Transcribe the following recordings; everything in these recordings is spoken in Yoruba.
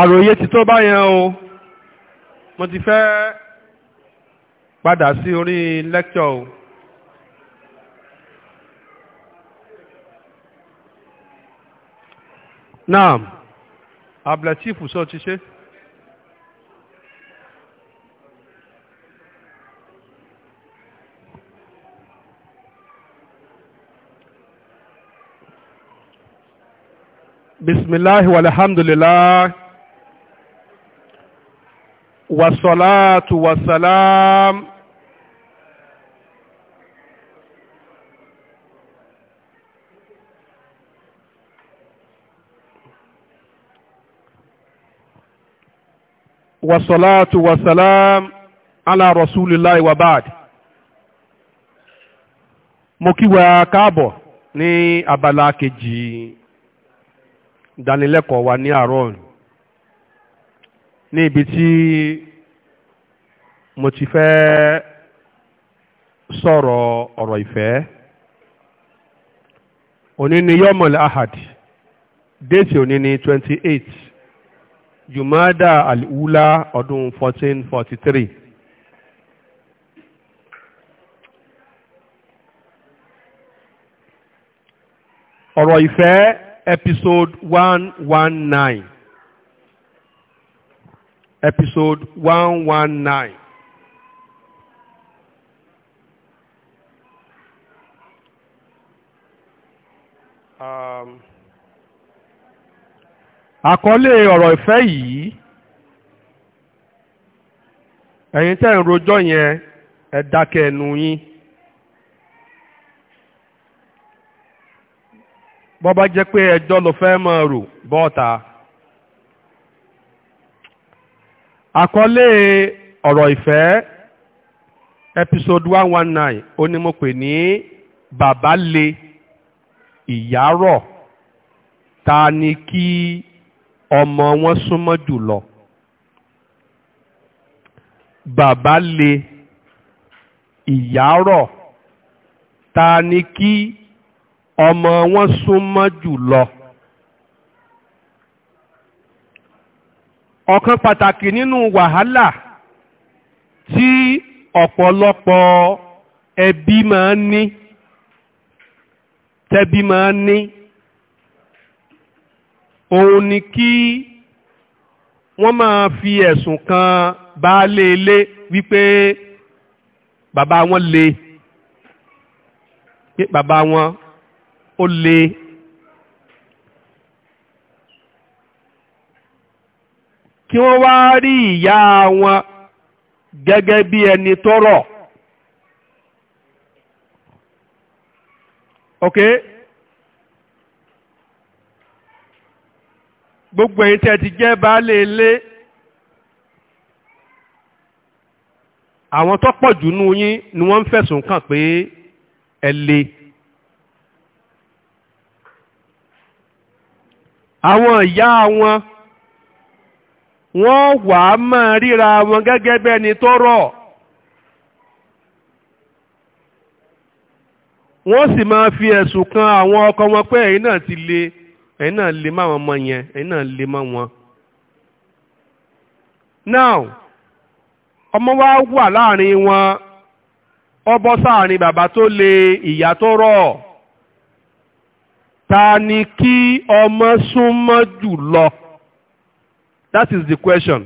àròyé ti tó báyẹn o mo ti fẹ́ padà sí orí lẹ́kṣọ̀ o. naam abdulateefu sọ ti ṣe. bisimilahi walhamdulilahi. والصلاة والسلام والصلاة والسلام على رسول الله وبعد mo kí wa káàbọ̀ ní abala kejì ìdánilẹ́kọ̀ọ́ wa ní àárọ̀ ní ibi tí mo ti fẹ́ sọ̀rọ̀ ọ̀rọ̀ ìfẹ́ òní ni yọ́mọ̀lẹ̀ ahad déètì òní ni twenty eight jùmọ́dà àlùwúlá ọdún fourteen forty three. ọ̀rọ̀ ìfẹ́ episode one one nine. episode 119. Um, àkọlé ọ̀rọ̀ ìfẹ́ yìí ẹ̀yin tẹ́ ń rojọ́ yẹn ẹ dákẹ́ ẹnu yín jẹ́ pé ẹjọ́ ló fẹ́ máa rò bọ́ta. àkọlé ọ̀rọ̀ ìfẹ́ episode one one nine ó ní mo pè ní bàbá le ìyá rọ̀ ta ni kí ọmọ wọn súnmọ́ jùlọ bàbá le ìyá ta ni kí ọmọ wọn súnmọ́ jùlọ. ọ̀kan pàtàkì nínú wàhálà tí ọ̀pọ̀lọpọ̀ ẹbí máa ń ní tẹbí máa ń ní òun ni kí wọ́n máa fi ẹ̀sùn kan baálé ilé wípé bàbá wọn le pé bàbá wọn ó le tí wọ́n wá rí ìyá wọn gẹ́gẹ́ bí ẹni tó rọ̀ ok gbogbo ẹ̀yin tẹ́ ti jẹ́ baálé ilé àwọn tó pọ̀ jù nú yín ni wọ́n ń fẹ̀sùn kàn pé ẹ le àwọn ìyá wọn. wọ́n wà á máa ríra wọn gẹ́gẹ́ bí ẹni tó rọ̀ wọ́n sì máa fi ẹ̀sùn kan àwọn ọkọ wọn pé ẹ̀yin náà ti le ẹ̀yin náà le máwọn ọmọ yẹn ẹ̀yin náà le mọ́ wọn. now ọmọ wa wà láàrin wọn ọ bọ́ sáàrin bàbá tó le ìyá tó rọ̀ ta ni kí ọmọ súnmọ́ jù lọ. that is the question.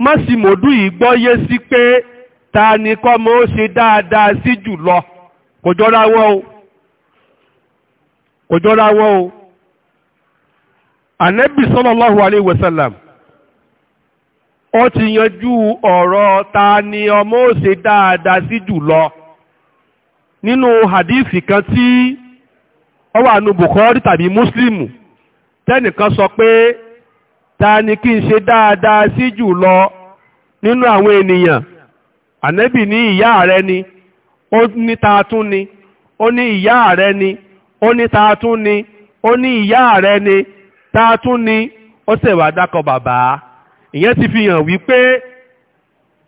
Másìmọ̀dú yìí gbọ́ yé sí pé ta ni kọ́mọ ó ṣe dáadáa sí jùlọ kò jọra wọn o kò jọra wọn o Ànábì sallallahu alayhi wa sallam ó ti yanjú ọ̀rọ̀ ta ni ọmọ ó ṣe dáadáa sí jùlọ nínú hadithi kan tí ó wà nù Bukhari tàbí Muslim tẹ́nìkan sọ pé ta ni kí n ṣe dáadáa sí jù lọ nínú àwọn ènìyàn ànẹ́bì ní ìyá rẹ ni ó ní ta tún ni ó ní ìyá rẹ ni ó ní ta tún ni ó ní ìyá rẹ ni ta tún ni ó sì wá dákọ̀ bàbá ìyẹn ti fi hàn wípé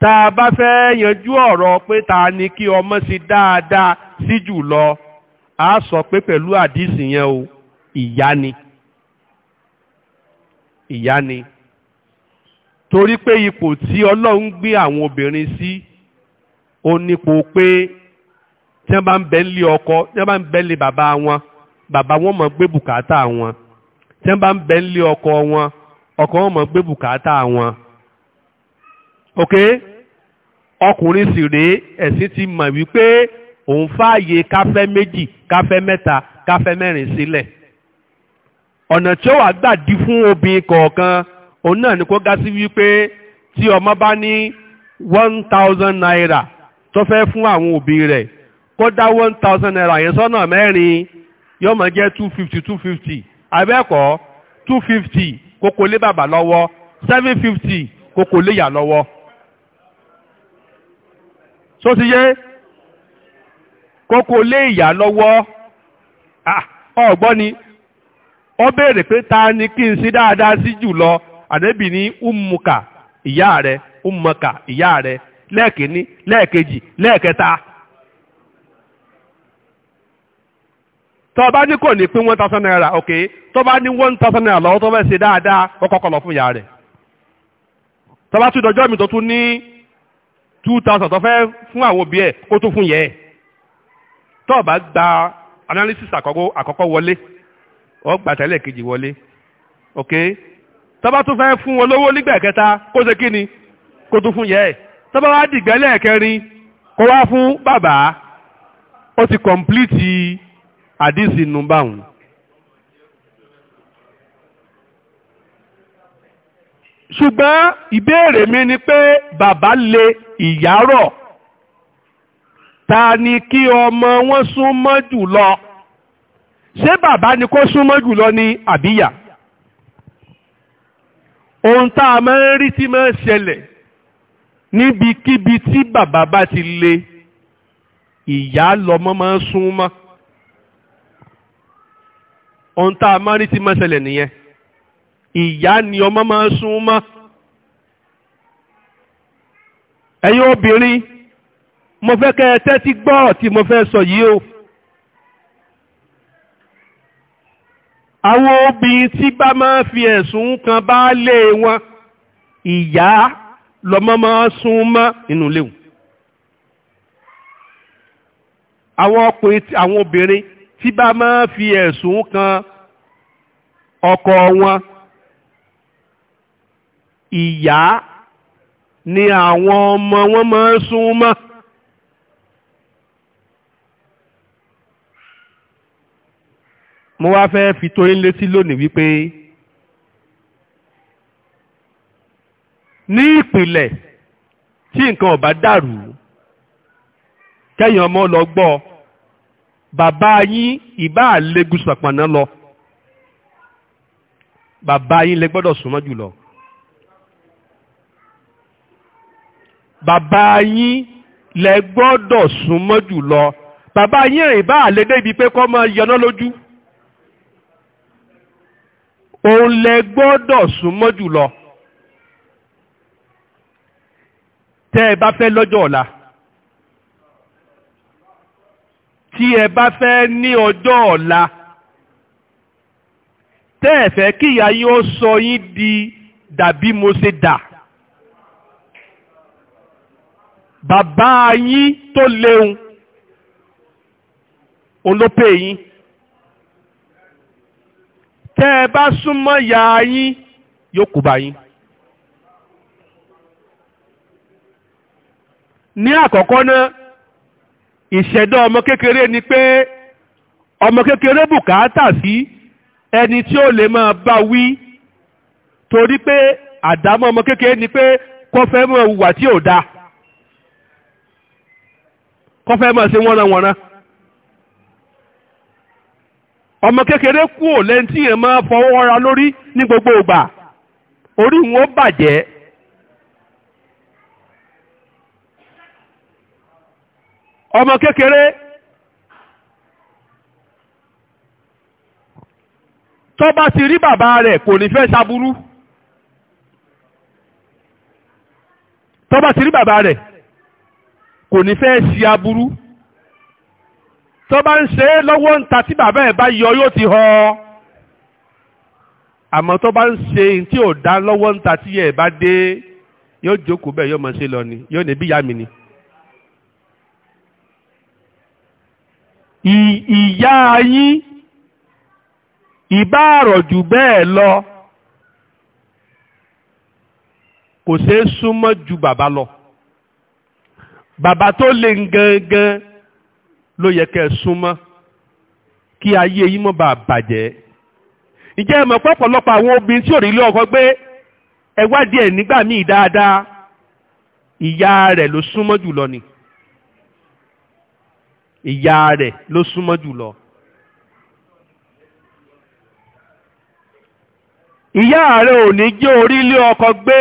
tá a bá fẹ́ yanjú ọ̀rọ̀ pé ta ni kí ọmọ ṣe dáadáa sí jù lọ a sọ pé pẹ̀lú àdìsí yẹn o ìyá ni ìyá ni torí pé ipò tí ọlọ́run gbé àwọn obìnrin sí ó nípo pé tí wọ́n bá ń bẹ nílé ọkọ tí wọ́n bá ń bẹ nílé bàbá wọn bàbá wọn mọ̀ gbé bùkátà wọn tí wọ́n bá ń bẹ nílé ọkọ wọn ọkọ wọn mọ̀ gbé bùkátà wọn ok ọkùnrin sì rèé ẹ̀sìn ti mọ̀ wípé òun fààyè káfẹ́ méjì káfẹ́ mẹ́ta káfẹ́ mẹ́rin sílẹ̀. Si ọ̀nà tí ó wà gbà di fún obìnrin kọ̀ọ̀kan òun náà ni kó ga sí wípé tí ọmọ bá ní one thousand naira tó fẹ́ fún àwọn òbí rẹ̀ kó dá one thousand naira yẹn sọ́nà mẹ́rin yóò máa jẹ́ two fifty two fifty abẹ́ẹ̀kọ́ two fifty kókó lé bàbá lọ́wọ́ seven fifty kókó lé yà lọ́wọ́ tó ti yé kókó lé ìyá lọ́wọ́ ah, ọ̀gbọ́n ni ọ béèrè pé ta ni kí n sí dáadáa sí jùlọ àdébì ní ummuka ìyá rẹ ummaka ìyá rẹ lẹ́ẹ̀kínní lẹ́ẹ̀kejì lẹ́ẹ̀kẹta. ní kò ní pín one naira ok tó bá ní one thousand naira lọ́wọ́ tó fẹ́ ṣe dáadáa lọ fún ìyá rẹ̀ bá tún dọjọ́ mi tó ní two thousand wọlé. ọ gbà tẹ́lẹ̀ kejì wọlé ok tọ́ba tún fẹ́ fún wọn lówó nígbà kẹta kó ṣe kí ni kó tún fún yẹ ẹ̀ tọ́ba wá dìgbẹ́lẹ̀ kẹrin kó wá fún bàbá ó ti kọ̀m̀plìtì àdìsí nùbáhùn. ṣùgbọ́n ìbéèrè mi ni pé bàbá lè ìyá rọ̀ ta ni kí ọmọ wọn sún mọ́ jù ṣé bàbá ni kó súnmọ́ jùlọ ní àbíyà ohun tá a máa ń rí tí máa ń ṣẹlẹ̀ níbikíbi tí bàbá bá ti le ìyá lọmọ máa ń súnmọ́ ohun tá a máa ń rí tí máa ń ṣẹlẹ̀ nìyẹn ìyá ni ọmọ máa ń súnmọ́ ẹ̀yin obìnrin mo fẹ́ kẹ́ ẹ tẹ́tí gbọ́ ọ̀rọ̀ tí mo fẹ́ sọ yìí o. àwọn obìnrin tí bá máa fi ẹ̀sùn kan bá lé wọn ìyá lọ́mọ máa sún mọ́ inú léwu àwọn ọkùnrin àwọn obìnrin tí bá máa fi ẹ̀sùn kan ọkọ wọn ìyá ni àwọn ọmọ wọn máa sún mọ́. mo wá fẹ́ fi tó yín létí lónìí wípé ní ìpìlẹ̀ tí nǹkan ò bá dàrú kẹ́yìn ọmọ lọ gbọ́ bàbá yín ìbá àlégun sàpàná lọ bàbá yín lẹ gbọ́dọ̀ súnmọ́ jùlọ bàbá yín lẹ gbọ́dọ̀ súnmọ́ jùlọ bàbá yín ìbá àlédè ibi pé kọ́ mọ yọná lójú òun lẹ gbọ́dọ̀ súnmọ́ jùlọ tẹ́ ẹ bá fẹ́ lọ́jọ́ ọ̀la tí ẹ bá fẹ́ ní ọjọ́ ọ̀la tẹ́ ẹ fẹ́ kí ìyá yín ó sọ yín di dàbí mo ṣe dà bàbá yín tó léun òun ló pè yín tẹ́ ẹ bá súnmọ́ ya yín yóò kó bá yín. ní àkọ́kọ́ náà ìṣẹ̀dá ọmọ kékeré ni pé ọmọ kékeré bùkátà sí ẹni tí ó lè máa bá wí torí pé àdámọ́ ọmọ kékeré ni pé kọ́fẹ́ mọ̀ wà tí ò dáa kọ́fẹ́ mọ̀ sí wọ́nranwọ̀nran ọmọ kékeré kú ò lẹ́ni tí yẹn máa fọwọ́ ra lórí ní gbogbo ìgbà orí wọn bàjẹ́. ọmọ kékeré tó bá ti rí bàbá rẹ̀ kò ní fẹ́ ṣaburú tó bá ti rí bàbá rẹ̀ kò ní fẹ́ ṣe aburú tó bá ń ṣe é lọ́wọ́ ń ta tí bàbá ẹ̀ bá yọ yóò ti họ àmọ́ tó bá ń ṣe tí ò dá lọ́wọ́ ń ta tí ẹ̀ bá dé yóò jókòó bẹ́ẹ̀ yóò mọ̀ ṣe lọ ni yóò ní bí ìyá mi ni. ìyá yín ìbá àrọ̀jù bẹ́ẹ̀ lọ kò ṣeé súnmọ́ ju bàbá lọ bàbá tó le gangan ló yẹ kẹ́ ẹ súnmọ́ kí ayé yín mọ́ bá bàjẹ́ ǹjẹ́ ẹ mọ̀ pọ̀pọ̀lọpọ̀ àwọn obìnrin tí ò rí ilé ọkọ gbé ẹ wádìí ẹ̀ nígbà míì dáadáa ìyá rẹ̀ ló súnmọ́ jùlọ ni ìyá rẹ̀ ló súnmọ́ jùlọ. ìyá rẹ̀ ò ní jẹ́ orí ilé ọkọ gbé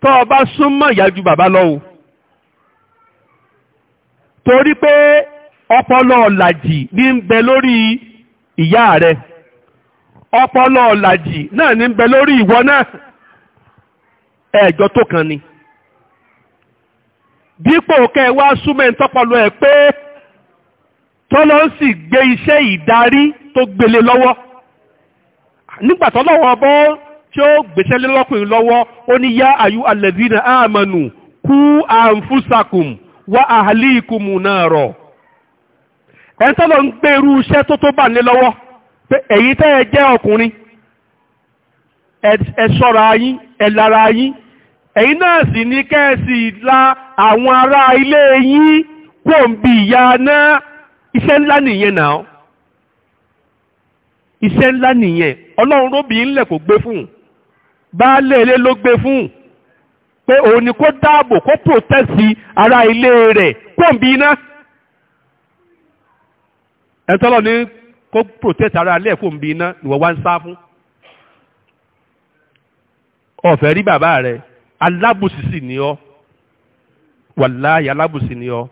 tó o bá súnmọ́ ìyá ju bàbá lọ torí pé ọpọlọ ọ̀làjì ní ń bẹ lórí ìyá rẹ ọpọlọ náà ní ń bẹ lórí ìwọ náà tó kan ni dípò kẹ́ wá súnmọ́ tọpọlọ ẹ pé tọ́lọ́ sì gbé iṣẹ́ ìdarí tó gbélé lọ́wọ́ nígbà tọ́lọ́wọ́ bọ́ tí ó gbèsẹ́ lé lọ́kùnrin ó ní yá kú ẹni tọ́lọ ń gbé irú iṣẹ́ tó tó bà ní lọ́wọ́ pé èyí tẹ́ ẹ ọkùnrin ẹ ṣọ́ra yín ẹ èyí náà sì ní kẹ́ẹ̀sì la àwọn ará ilé yín kò ń bi ìyá náà iṣẹ́ ńlá nìyẹn náà iṣẹ́ ńlá nìyẹn ọlọ́run róbì ńlẹ̀ kò gbé fún un baálé ilé ló gbé fún un pé òun ni kó dáàbò kó protẹ́sì ará ilé rẹ̀ kò ń bi iná ẹ̀tọ́lọ̀ ni kó protect ara alẹ́ kò ń bi iná ìwọ̀ wá ń sá fún ọ̀fẹ́ rí bàbá rẹ̀ alábùsì sì ni ọ́ wàláyé alábùsì ni ọ́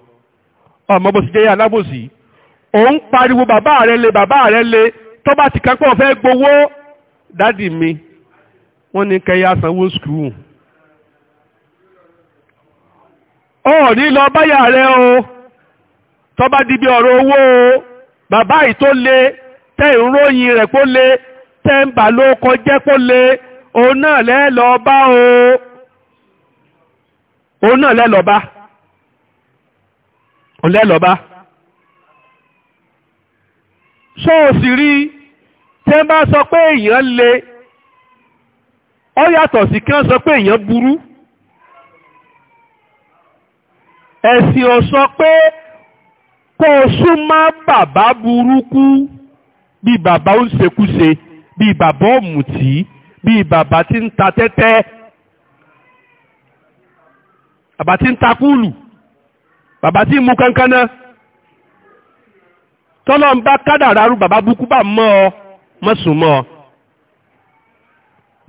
ọmọ bó ti jẹ́ alábùsì òun pariwo bàbá rẹ̀ le bàbá rẹ̀ le tó bá ti kápẹ́ ọ̀fẹ́ gbowó dádì mi wọ́n ní kẹ́yà sanwó skul ọ̀ọ́ni lọ báyà rẹ o tó di bí ọ̀rọ̀ owó o bàbá yìí tó le tẹ́ ìròyìn rẹ̀ kó le tẹ́ ń bà ló kọjẹ́ kó le òun náà lẹ́ lọ bá o òun náà lẹ́ lọ bá òun lẹ́ lọ bá ṣó o rí tẹ́ ń bá sọ pé èèyàn le ó yàtọ̀ sí kí wọ́n sọ pé èèyàn burú ẹ̀sìn ò sọ pé kó o súnmọ́ bàbá burúkú bí bàbá ó ń ṣekúṣe bí bàbá ọ̀mùtí bí bàbá tí ń ta tẹ́tẹ́ bàbá tí ń ta kúlù bàbá tí ń mu kankaná tọ́lọ́ ń bá kádàrá rú bàbá burúkú bá mọ́ ọ mọ́sùn mọ́ ọ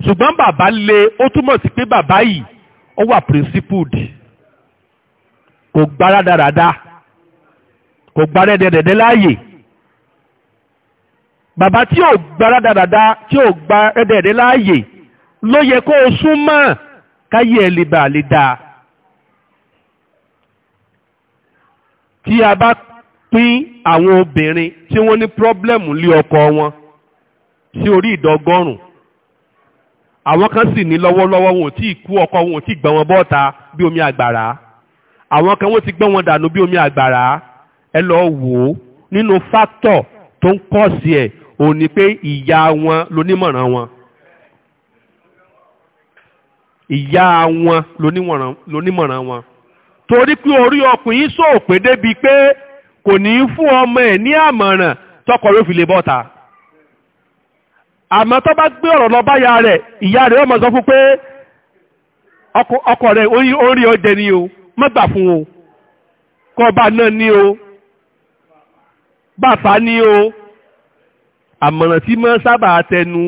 ṣùgbọ́n bàbá le ó túmọ̀ sí pé bàbá yìí ó wà principled kò gbára dáradára kò gba rẹ́dẹ̀rẹ́dẹ́ láàyè bàbá tí ò gba rádàdàdà tí ò gba rẹ́dẹ̀rẹ́dẹ́ láàyè ló yẹ kó o sún mọ́ káyé ẹ̀ lè bà lè dáa tí a bá pín àwọn obìnrin tí wọ́n ní pírọ́blẹ́mù lé ọkọ wọn sí orí ìdọ́gọ́rùn àwọn kan sì ní lọ́wọ́lọ́wọ́ wọn ò tí ì kú ọkọ wọn ò tí ì gbọ́n wọn bọ́ta bí omi àgbàrá àwọn kan wọ́n ti gbọ́n wọn dànù bí omi àgbàrá ẹ lọ wò ó nínú fátọ̀ tó ń kọ́ sí ẹ̀ òun ni pé ìyá wọn lonímọ̀ràn wọn ìyá wọn lonímọ̀ràn wọn torí pé orí ọkùnrin pé débi pé kò ní í fún ọmọ ẹ ní àmọ̀ràn tọkọ ló fi lè bọ́ta àmọ́ tó bá gbé ọ̀rọ̀ lọ báyà rẹ̀ ìyá rẹ̀ ọmọ sọ fún pé ọkọ rẹ̀ orí ọjẹ́ ni o má fún o kọ́ ọba náà ni o bàfá ni o àmọ̀ràn tí mọ́ sábà tẹnu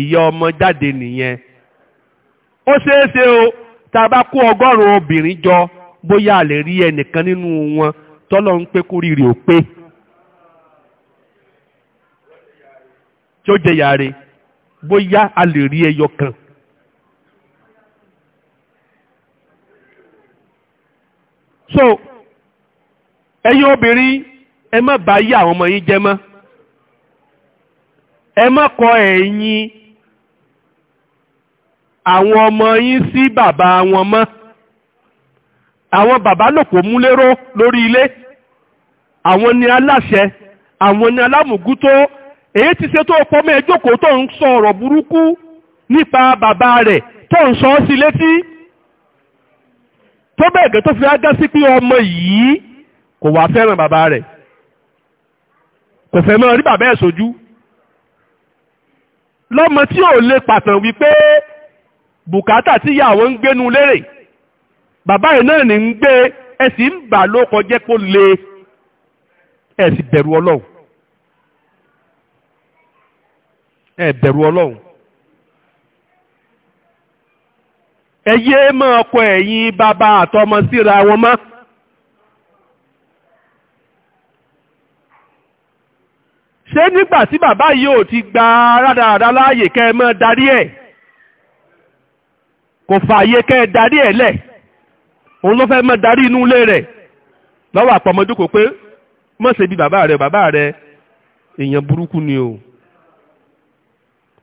ìyá ọmọ jáde nìyẹn ó ṣeéṣe o tá a bá kó ọgọ́rùn-ún obìnrin jọ bóyá a lè rí ẹnìkan nínú wọn tọ́lọ́ ń pé kórìrì ó pé tí ó jẹ yàrá bóyá a lè rí ẹyọ kan so ẹ̀yin obìnrin ẹ má bá yí àwọn ọmọ yín jẹ́ mọ́ ẹ má kọ ẹ̀yìn àwọn ọmọ yín sí bàbá wọn mọ́ àwọn bàbá lòpò múléró lórí ilé àwọn ni aláṣẹ àwọn ni alámùgútó èyí ti ṣe tó pọ́ mẹ́ jókòó tó ń sọ ọ̀rọ̀ burúkú nípa bàbá rẹ̀ tó ń sọ sí létí tó bẹ̀gẹ̀ tó fi ágá sí pé ọmọ yìí kò wá fẹ́ràn bàbá rẹ̀ kò fẹ́ mọ́ rí bàbá ẹ̀ sójú lọ́mọ tí ò lè pàtàn wípé bùkátà tí ìyàwó ń gbénu lérè bàbá ẹ̀ náà ní ń gbé ẹ ń bà ló kọjẹ́ kó le ẹ sì bẹ̀rù ọlọ́run ẹ bẹ̀rù ọlọ́run ẹ yéé máa kọ ẹ̀yìn bàbá àtọmọ síra wọn mọ́. ṣé nígbà tí bàbá yìí ò ti gba rádaràdá láàyè kẹ́ ẹ mọ́ darí ẹ̀ kò fààyè kẹ́ ẹ darí ẹ̀ lẹ̀ òun ló fẹ́ mọ́ darí inú ilé rẹ̀ lọ́wọ́ àpọ̀mọdúkò pé mọ́ ṣe bí bàbá rẹ̀ bàbá rẹ̀ èèyàn burúkú ni o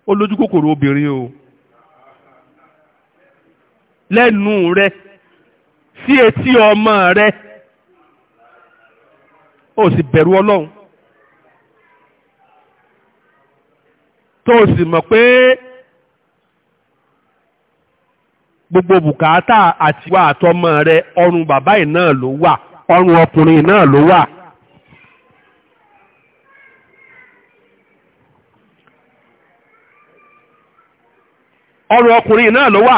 ó lójú kòkòrò obìnrin o lẹ́nu rẹ̀ sí etí ọmọ rẹ̀ ó sì bẹ̀rù ọlọ́run tó o sì mọ̀ pé gbogbo bùkátà àtiwá àtọmọ rẹ ọrùn bàbá yìí náà ló wà ọrùn ọkùnrin náà ló wà. ọrùn ọkùnrin náà ló wà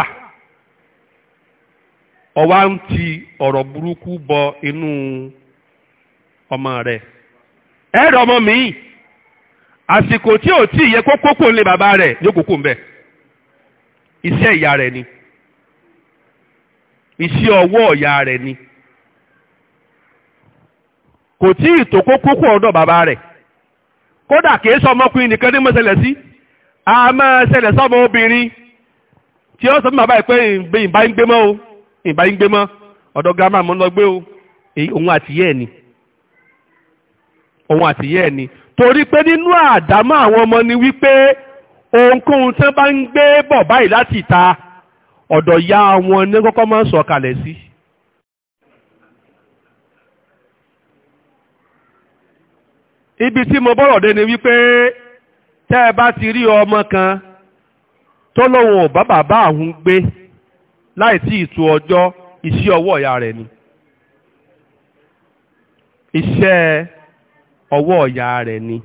ọwá ń ti ọ̀rọ̀ burúkú bọ inú ọmọ rẹ ẹ̀rọ ọmọ mi-ín àsìkò tí ò tí ì yẹ kó kókó ńlẹ̀ bàbá rẹ̀ yóò kókó ńbẹ̀ iṣẹ́ ìyá rẹ̀ ni iṣẹ́ ọwọ́ ìyá rẹ̀ ni kò tí ì tó kó kókó ọ̀dọ̀ bàbá rẹ̀ kódà kìí sọ ọmọkùnrin nìkan ní mọ́sẹ̀lẹ̀ sí a máa ṣẹlẹ̀ sọ́mọ obìnrin tí ó sọ fún bàbá ẹ̀ pé ìbá ń gbé mọ́ o ìbá ń gbé mọ́ ọ̀dọ̀ gírámà mọ́ lọ gbé o òun àtìyẹ́ ni òun àtìyẹ́ ni torí pé nínú àdámọ́ àwọn ọmọ ni wípé ohunkóhun tí wọ́n bá ń gbé bọ̀ báyìí láti ìta ọ̀dọ̀ ya wọn ní kọ́kọ́ máa ń sọ kalẹ̀ sí. ibi tí mo bọ́rọ̀ dé ni wípé tẹ́ ẹ bá ti rí ọmọ kan tó lóun ò bá bàbá àwọn gbé láì tí ì ọjọ́ iṣẹ́ ọwọ́ ìyá rẹ̀ ni. iṣẹ́ ọwọ́ ọ̀yà rẹ̀ ni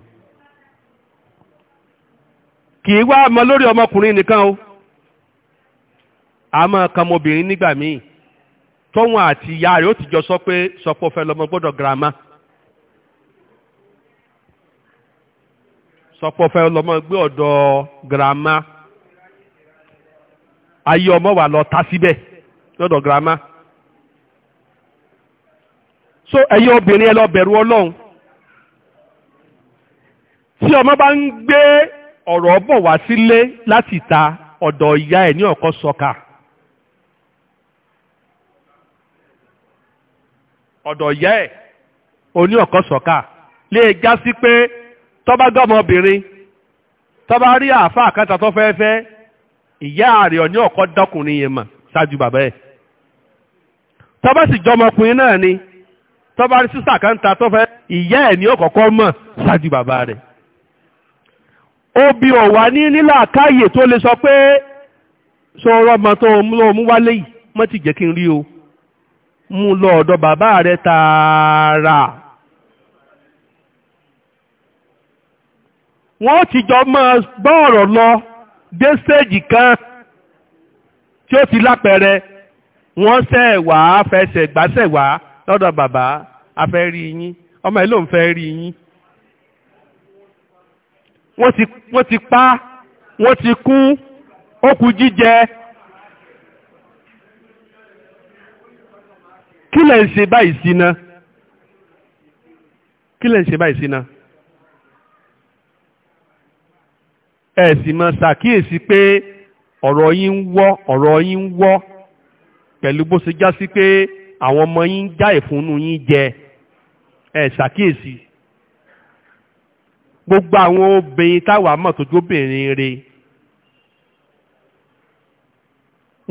kì í wá mọ lórí ọmọkùnrin nìkan o a máa kan ọmọbìnrin nígbà míì tóun àti ìyá rẹ̀ ó ti jọ sọ pé sọpọ̀ fẹ́ lọ́mọ gbọ́dọ̀ girama sọpọ̀ fẹ́ gbé ọ̀dọ̀ girama ayé ọmọ wà lọ ta síbẹ̀ lọ́dọ̀ girama so ẹ̀yin obìnrin ẹ lọ bẹ̀rù ọlọ́run tí ọmọ bá ń gbé ọ̀rọ̀ bọ̀ wá sílé láti ta ọ̀dọ̀ ìyá ẹ̀ ní ọ̀kọ́ sọ́ka ọ̀dọ̀ ìyá ẹ̀ oní ọ̀kọ́ sọ́ka lè e já sí pé tọ́ba gọ́mọbìnrin tọ́ba rí àáfàá kẹta tó fẹ́ẹ́ fẹ́ ìyá àrè ọ̀ní ọ̀kọ́ dọ́kùnrin yẹn mọ̀ ṣáájú bàbá ẹ̀ tọ́ba sì jọmọkùnrin náà ni tọ́ba rí sísà kan tó fẹ́ ìyá ẹ̀ ní ọ̀kọ̀ọ̀kọ́ mọ̀ ṣáájú bàbá rẹ̀ obi ọ̀wá ní nílàákáyè tó lè sọ pé sọ ọmọ tó lọ mú wálé yìí mọ́ ti jẹ́ kí n rí o mú lọ ọ̀dọ̀ bàbá rẹ tààrà wọ́n ti jọ máa gbọ́ ọ̀rọ̀ lọ dé stéèjì kan tí ó ti lápẹẹrẹ wọ́n sẹ̀ wá fẹsẹ̀ gbásẹ̀ wá lọ́dọ̀ bàbá afẹ́ rí yín ọmọ ìlú òun fẹ́ rí yín wọ́n ti pa wọ́n ti kú ó kù jíjẹ kí lẹ̀ ń ṣe báyìí sí náà kí lẹ̀ ń ṣe báyìí sí náà ẹ sì mọ ṣàkíyèsí pé ọ̀rọ̀ yín ń wọ́ ọ̀rọ̀ yín ń wọ́ pẹ̀lú bó ṣe já sí pé àwọn ọmọ yín ń já ìfúnnú yín jẹ ẹ ṣàkíyèsí gbogbo àwọn obìnrin táwa mọ̀ tó jóbìnrin re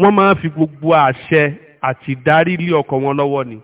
wọ́n máa ń fi gbogbo àṣẹ àti ìdarí lé ọkọ wọn lọ́wọ́ ni.